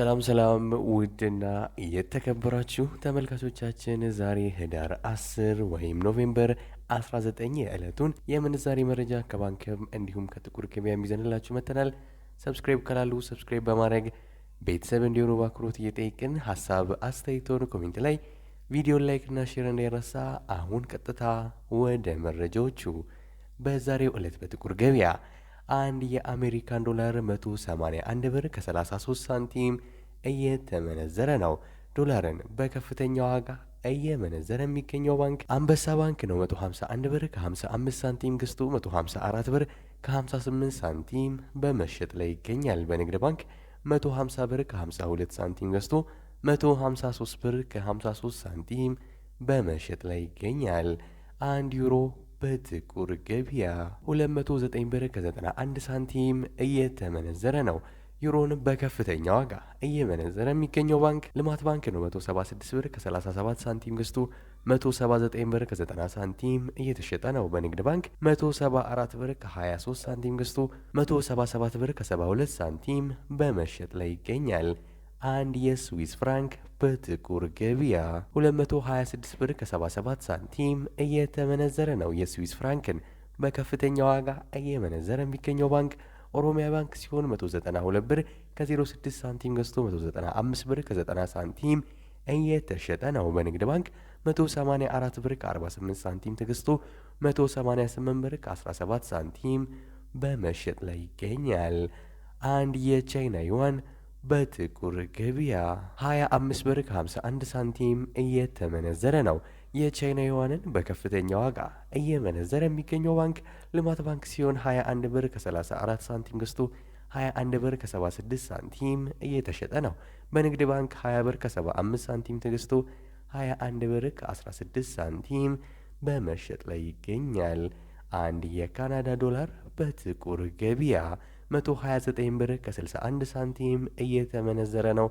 ሰላም ሰላም ውድና የተከበራችሁ ተመልካቾቻችን ዛሬ ህዳር 10 ወይም ኖቬምበር 19 የዕለቱን የምንዛሬ መረጃ ከባንክም እንዲሁም ከጥቁር ገበያ የሚዘንላችሁ መጥተናል። ሰብስክራይብ ካላሉ ሰብስክራይብ በማድረግ ቤተሰብ እንዲሆኑ በአክብሮት እየጠየቅን ሀሳብ አስተያየቶን ኮሜንት ላይ ቪዲዮ ላይክና ሼር እንዳይረሳ። አሁን ቀጥታ ወደ መረጃዎቹ። በዛሬው ዕለት በጥቁር ገበያ አንድ የአሜሪካን ዶላር 181 ብር ከ33 ሳንቲም እየተመነዘረ ነው። ዶላርን በከፍተኛ ዋጋ እየመነዘረ የሚገኘው ባንክ አንበሳ ባንክ ነው። 151 ብር ከ55 ሳንቲም ግስቱ 154 ብር ከ58 ሳንቲም በመሸጥ ላይ ይገኛል። በንግድ ባንክ 150 ብር ከ52 ሳንቲም ገዝቶ 153 ብር ከ53 ሳንቲም በመሸጥ ላይ ይገኛል። አንድ ዩሮ በጥቁር ገበያ 209 ብር ከ91 ሳንቲም እየተመነዘረ ነው። ዩሮን በከፍተኛ ዋጋ እየመነዘረ የሚገኘው ባንክ ልማት ባንክ ነው። 176 ብር ከ37 ሳንቲም ገዝቶ 179 ብር ከ90 ሳንቲም እየተሸጠ ነው። በንግድ ባንክ 174 ብር ከ23 ሳንቲም ገዝቶ 177 ብር ከ72 ሳንቲም በመሸጥ ላይ ይገኛል። አንድ የስዊስ ፍራንክ በጥቁር ገበያ 226 ብር ከ77 ሳንቲም እየተመነዘረ ነው። የስዊስ ፍራንክን በከፍተኛ ዋጋ እየመነዘረ የሚገኘው ባንክ ኦሮሚያ ባንክ ሲሆን 192 ብር ከ06 ሳንቲም ገዝቶ 195 ብር ከ90 ሳንቲም እየተሸጠ ነው። በንግድ ባንክ 184 ብር ከ48 ሳንቲም ተገዝቶ 188 ብር ከ17 ሳንቲም በመሸጥ ላይ ይገኛል። አንድ የቻይና ዩዋን በጥቁር ገበያ 25 ብር 51 ሳንቲም እየተመነዘረ ነው። የቻይና ዩዋንን በከፍተኛ ዋጋ እየመነዘረ የሚገኘው ባንክ ልማት ባንክ ሲሆን 21 ብር ከ34 ሳንቲም ገዝቶ 21 ብር ከ76 ሳንቲም እየተሸጠ ነው። በንግድ ባንክ 20 ብር ከ75 ሳንቲም ተገዝቶ 21 ብር ከ16 ሳንቲም በመሸጥ ላይ ይገኛል። አንድ የካናዳ ዶላር በጥቁር ገበያ 129 ብር ከ61 ሳንቲም እየተመነዘረ ነው።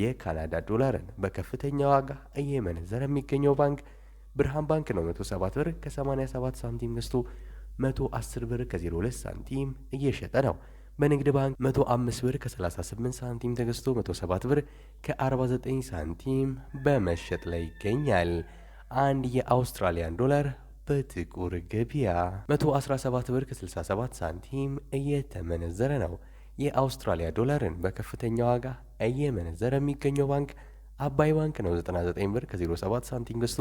የካናዳ ዶላርን በከፍተኛ ዋጋ እየመነዘረ የሚገኘው ባንክ ብርሃን ባንክ ነው። 107 ብር ከ87 ሳንቲም ገዝቶ 110 ብር ከ02 ሳንቲም እየሸጠ ነው። በንግድ ባንክ 105 ብር ከ38 ሳንቲም ተገዝቶ 107 ብር ከ49 ሳንቲም በመሸጥ ላይ ይገኛል። አንድ የአውስትራሊያን ዶላር በጥቁር ገበያ 117 ብር ከ67 ሳንቲም እየተመነዘረ ነው። የአውስትራሊያ ዶላርን በከፍተኛ ዋጋ እየመነዘረ የሚገኘው ባንክ አባይ ባንክ ነው። 99 ብር ከ07 ሳንቲም ገዝቶ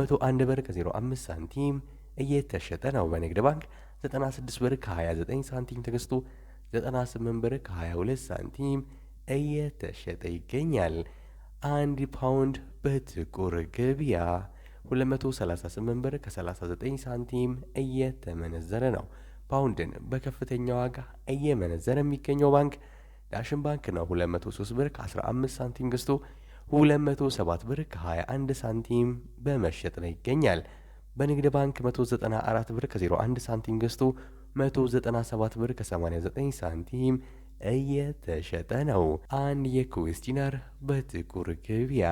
101 ብር ከ05 ሳንቲም እየተሸጠ ነው። በንግድ ባንክ 96 ብር ከ29 ሳንቲም ተገዝቶ 98 ብር ከ22 ሳንቲም እየተሸጠ ይገኛል። አንድ ፓውንድ በጥቁር ገበያ 238 ብር ከ39 ሳንቲም እየተመነዘረ ነው። ፓውንድን በከፍተኛ ዋጋ እየመነዘረ የሚገኘው ባንክ ዳሽን ባንክ ነው። 203 ብር ከ15 ሳንቲም ገዝቶ 207 ብር ከ21 ሳንቲም በመሸጥ ላይ ይገኛል። በንግድ ባንክ 194 ብር ከ01 ሳንቲም ገዝቶ 197 ብር ከ89 ሳንቲም እየተሸጠ ነው። አንድ የኩዌስ ዲናር በጥቁር ገበያ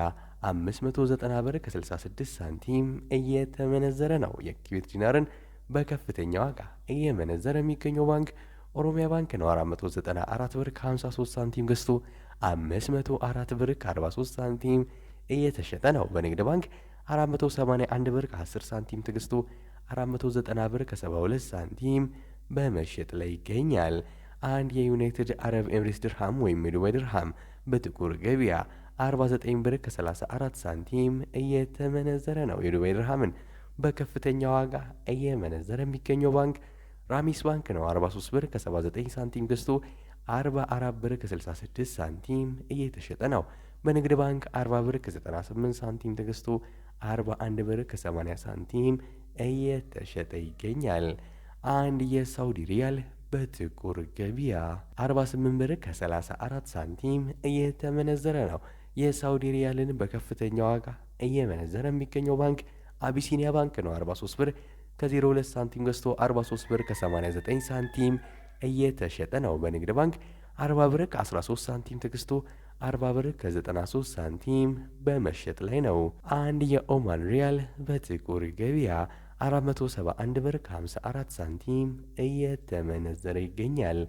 590 ብር ከ66 ሳንቲም እየተመነዘረ ነው። የኩዌት ዲናርን በከፍተኛ ዋጋ እየመነዘረ የሚገኘው ባንክ ኦሮሚያ ባንክ ነው። 494 ብር ከ53 ሳንቲም ገዝቶ 504 ብር ከ43 ሳንቲም እየተሸጠ ነው። በንግድ ባንክ 481 ብር ከ10 ሳንቲም ተገዝቶ 490 ብር ከ72 ሳንቲም በመሸጥ ላይ ይገኛል። አንድ የዩናይትድ አረብ ኤምሬትስ ድርሃም ወይም የዱባይ ድርሃም በጥቁር ገበያ 49 ብር ከ34 ሳንቲም እየተመነዘረ ነው። የዱባይ ድርሃምን በከፍተኛ ዋጋ እየመነዘረ የሚገኘው ባንክ ራሚስ ባንክ ነው። 43 ብር ከ79 ሳንቲም ገዝቶ 44 ብር ከ66 ሳንቲም እየተሸጠ ነው። በንግድ ባንክ 40 ብር ከ98 ሳንቲም ተገዝቶ 41 ብር ከ80 ሳንቲም እየተሸጠ ይገኛል። አንድ የሳውዲ ሪያል በጥቁር ገበያ 48 ብር ከ34 ሳንቲም እየተመነዘረ ነው። የሳውዲ ሪያልን በከፍተኛ ዋጋ እየመነዘረ የሚገኘው ባንክ አቢሲኒያ ባንክ ነው። 43 ብር ከ02 ሳንቲም ገዝቶ 43 ብር ከ89 ሳንቲም እየተሸጠ ነው። በንግድ ባንክ 40 ብር ከ13 ሳንቲም ተገዝቶ 40 ብር ከ93 ሳንቲም በመሸጥ ላይ ነው። አንድ የኦማን ሪያል በጥቁር ገበያ 471 ብር ከ54 ሳንቲም እየተመነዘረ ይገኛል።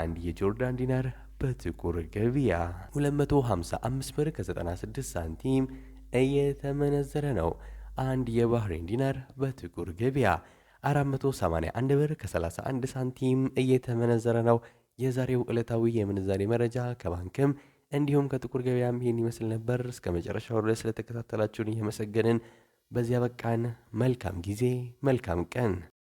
አንድ የጆርዳን ዲናር በጥቁር ገበያ 255 ብር ከ96 ሳንቲም እየተመነዘረ ነው። አንድ የባህሬን ዲናር በጥቁር ገበያ 481 ብር ከ31 ሳንቲም እየተመነዘረ ነው። የዛሬው ዕለታዊ የምንዛሬ መረጃ ከባንክም እንዲሁም ከጥቁር ገበያም ይህን ይመስል ነበር። እስከ መጨረሻው ድረስ ስለተከታተላችሁን እየመሰገንን በዚያ በቃን። መልካም ጊዜ፣ መልካም ቀን